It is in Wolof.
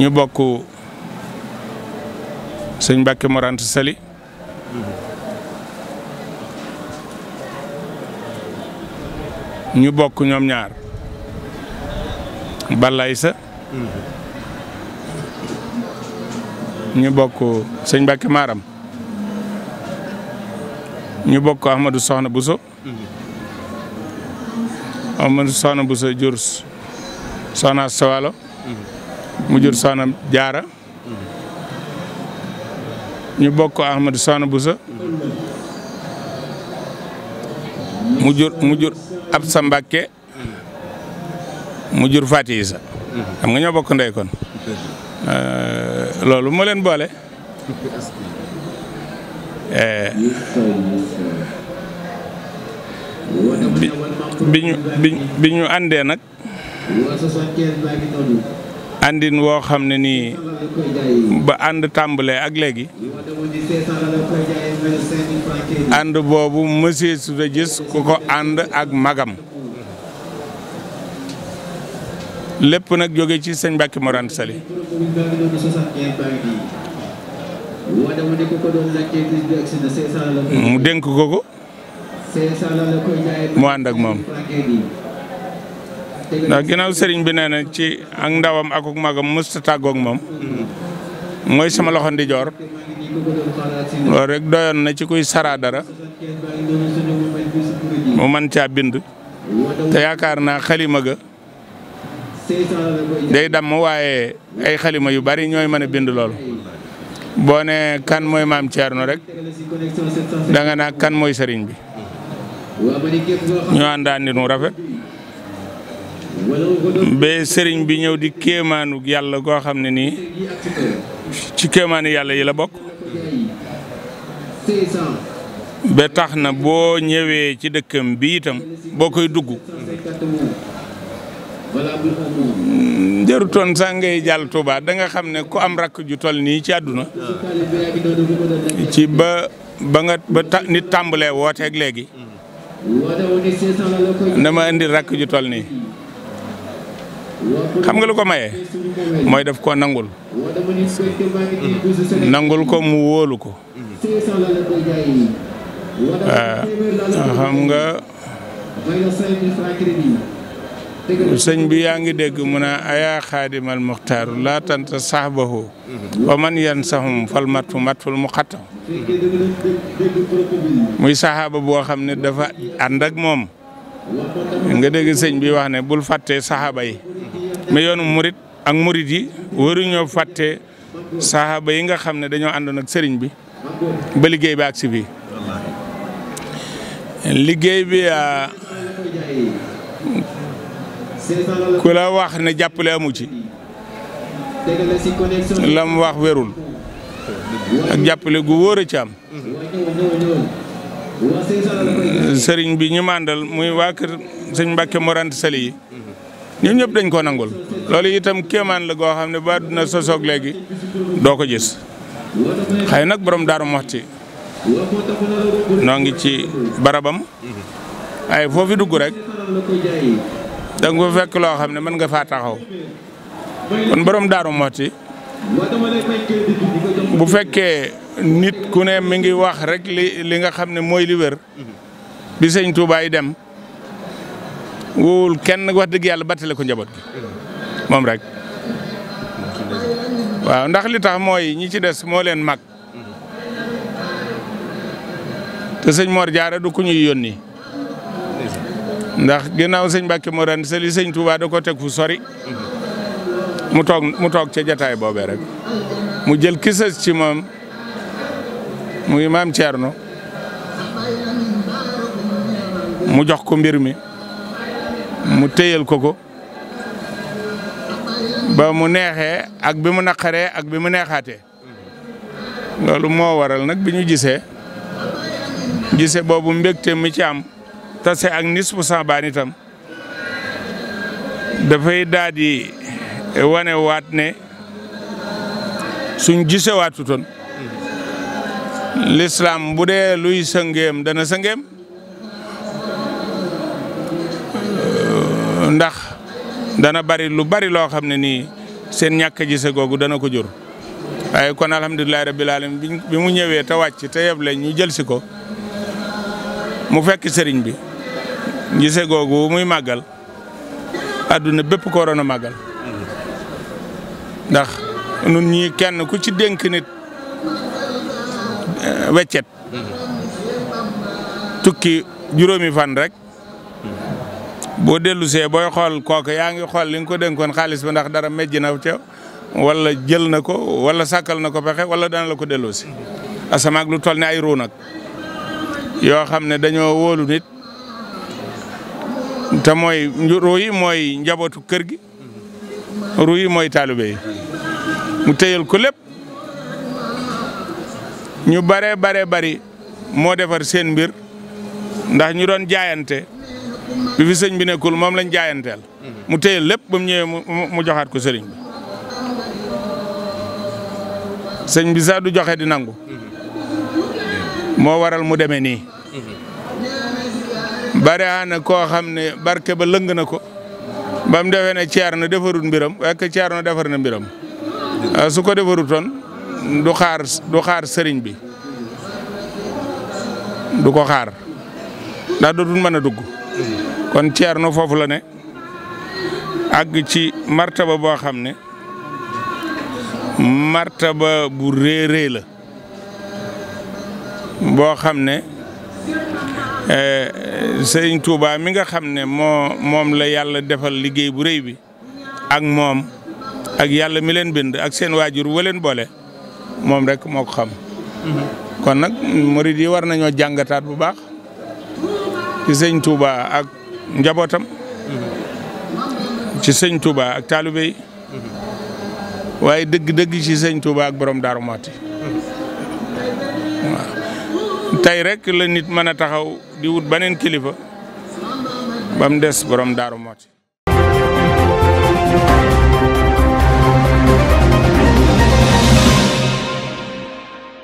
ñu bokk sëñ Mbàkke Mor Anta Sali ñu bokk ñoom ñaar Balla Issa ñu bokk sëñ Mbàkke Maram ñu bokk Ahmadou Soxna Bousso Ahmadou Soxna Bousso jur Soxna Sawalo mu jur soxna jaara ñu bokk Ahmadu soxna Busa mu jur mu jur Absa Mbàkke mu jur Faati xam nga ñoo bokk ndey kon euh, loolu moo boole euh, bi bi ñu bi àndee nag àndin woo xam ne nii ba ànd tàmbalee ak léegi ànd boobu monsieur su da gis ku ko ànd ak magam lépp nag jóge ci sëñ Mbàkke Mor mu dénk ko ko mu ànd ak moom ndax ginnaaw sëriñ bi nee na ci ak ndawam ak magam mësta tàggoog moom mooy sama loxo ndijoor loolu rek doyoon na ci kuy saraa dara mu man caa bind te yaakaar na xalima ga day damm waaye ay xalima yu bari ñooy mën bind lool boo ne kan mooy maam Thierno rek da nga kan mooy sëriñ bi ñu àndaan ni nu rafet ba sëriñ bi ñëw di kéemaanu yàlla goo xam ne nii ci kéemaanu yàlla yi la bokk ba tax na boo ñëwee ci dëkkam bi itam boo koy dugg jarutoon sax ngay jàll Tuuba da xam ne ku am rakk ju toll nii ci àdduna ci ba ba nga ba nit tàmbalee wooteeg léegi dama indi rakk ju toll nii xam nga lu ko maye mooy def ko nangul nangul ko mu wóolu ko xam nga sëñ bi yaa ngi dégg mu a ayaa xaadimal muxtaaru laa tanta saxbahu wa man yan saxum fal mat fu mat ful mu xatta muy saxaaba boo xam ne dafa ànd ak moom nga dégg sëñ bi wax ne bul fàtte saxaaba yi mais yoonu murit ak murit yi waruñoo fàtte saxaaba yi nga xam ne dañoo àndoon ak sëriñ bi ba liggéey bi ak si fii liggéey bi ah, ku la wax ne jàppale amu ci lam wax werul ak jàppale gu wóor a ci am sëriñ bi ñu màndal muy waa kër sëñ Mbàkke Mor Anta Sali yi ñun dañ ko nangul loolu itam kéemaan la goo xam ne ba àdduna sosoog léegi doo ko gis xëy nag borom daaru Muxti noo ngi ci barabam ay foofi dugg rek da fekk loo xam ne mën nga faa taxaw kon borom daaru Muxti bu fekkee nit ku ne mi ngi wax rek li nga xam ne mooy li wér bi sëñ Touba yi dem wowul kenn wax dëgg yàlla battale ko njaboot gi moom rek waaw ndax li tax mooy ñi ci des moo leen mag te sëñ moor Jaara du ku ñuy yónni ndax ginnaaw sëñ Mbàkke moo ren sa li sëñ Touba da ko teg fu sori mu toog mu toog ca jataay boobee rek mu jël kisas ci moom muy maam Thierno mu jox ko mbir mi mu téyal ko ko ba mu neexee ak bi mu naqaree ak bi mu neexaate loolu moo waral nag bi ñu gisee gisee boobu mbégte mi ci am tase ak nis bu cent baan itam dafay daal di wane waat ne suñ gisewaatutoon lislaam bu dee luy sëngeem dana sëngeem euh, ndax dana bari lu bari loo xam ne nii seen ñàkk gise googu dana ko jur waaye kon alhamdulilahi rabbil alamin bi mu ñëwee te wàcc te yeble ñu jëlsi ko mu fekk sëriñ bi gise googu muy màggal àdduna bépp ko waroon a màggal ndax nun ñii kenn ku ci dénk nit Eh, weccet tukki juróomi fan rek boo dellu booy xool kook yaa ngi xool li nga ko dénkoon xaalis ba ndax dara mejj na ca wala jël na ko wala sàkkal na ko pexe wala dana la ko delloo si asamaak lu toll ne ay ruu nag yoo xam ne dañoo wóolu nit mooy ruu yi mooy njabootu kër gi yi mooy taalibe yi mu téyal ko lépp ñu bare bare bari moo defar seen mbir ndax ñu doon jaayante bi fi sëñ bi nekkul moom lañ jaayanteel. Mhm. mu téye lépp ba mu ñëwee mu joxaat ko sëriñ bi sëñ bi joxe di nangu. Mhm. moo waral mu demee nii. Mhm. bare na koo xam ne barke ba lëng na ko ba mu defee ne ceer na defarut mbiram waaye ceer na defar na mbiram su ko defarutoon du xaar sëriñ bi du ko xaar ndax dootul mën a dugg kon Ceerno foofu la ne àgg ci martaba boo xam ne martaba bu réeréer la boo xam ne eh, sëriñ tuuba mi nga xam ne moo moom la yàlla defal liggéey bu rëy bi ak moom ak yàlla mi leen bind ak seen waajur wa boole moom rekk mook xam. kon nag murid yi war nañoo jàngataat bu baax ci sëñ Touba ak njabootam. ci sëñ Touba ak taalibe waaye dëgg-dëgg ci sëñ Touba ak borom Darou Mouhty. waaw tey rek la nit mën a taxaw di wut beneen kilifa ba mu des borom Darou Mouhty.